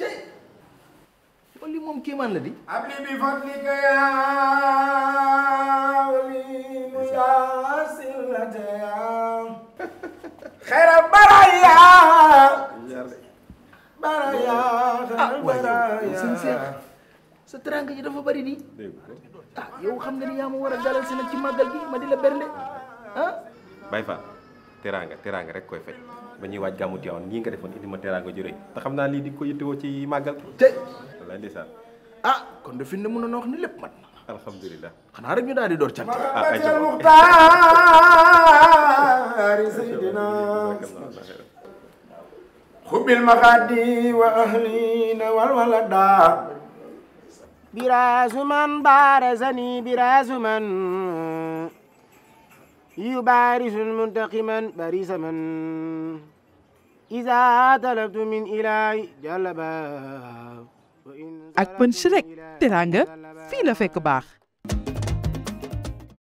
tey wala moom kéemaan la di ab bi fadlika yaa wali mu yaa sillata yaa xayra baraya baraya ah, baraya sa teraanga ji dafa bari di ah yow xam nga ni yaa ma war a dalal ci màggal gi ma di la bernde ah? teraanga teraanga rek koy faj ba ñuy waaj gàmmu Tiwaawan ñii nga defoon indi ma teraanga ju rëy te xam naa di ko yittewoo ci màggal te wallaay ndeysaan ah kon de fi ne mën na wax ni lépp mat na alhamdulilah kan rek ñu daal di door cant ah ay muxtaari sayidina xubil maxaadi wa ahlina wal walada biraasuman baarasani biraasuman يبارس المنتقما بارس من إذا طلبت من إلهي جلبا أكبر شرك ترانجا في لفك باخ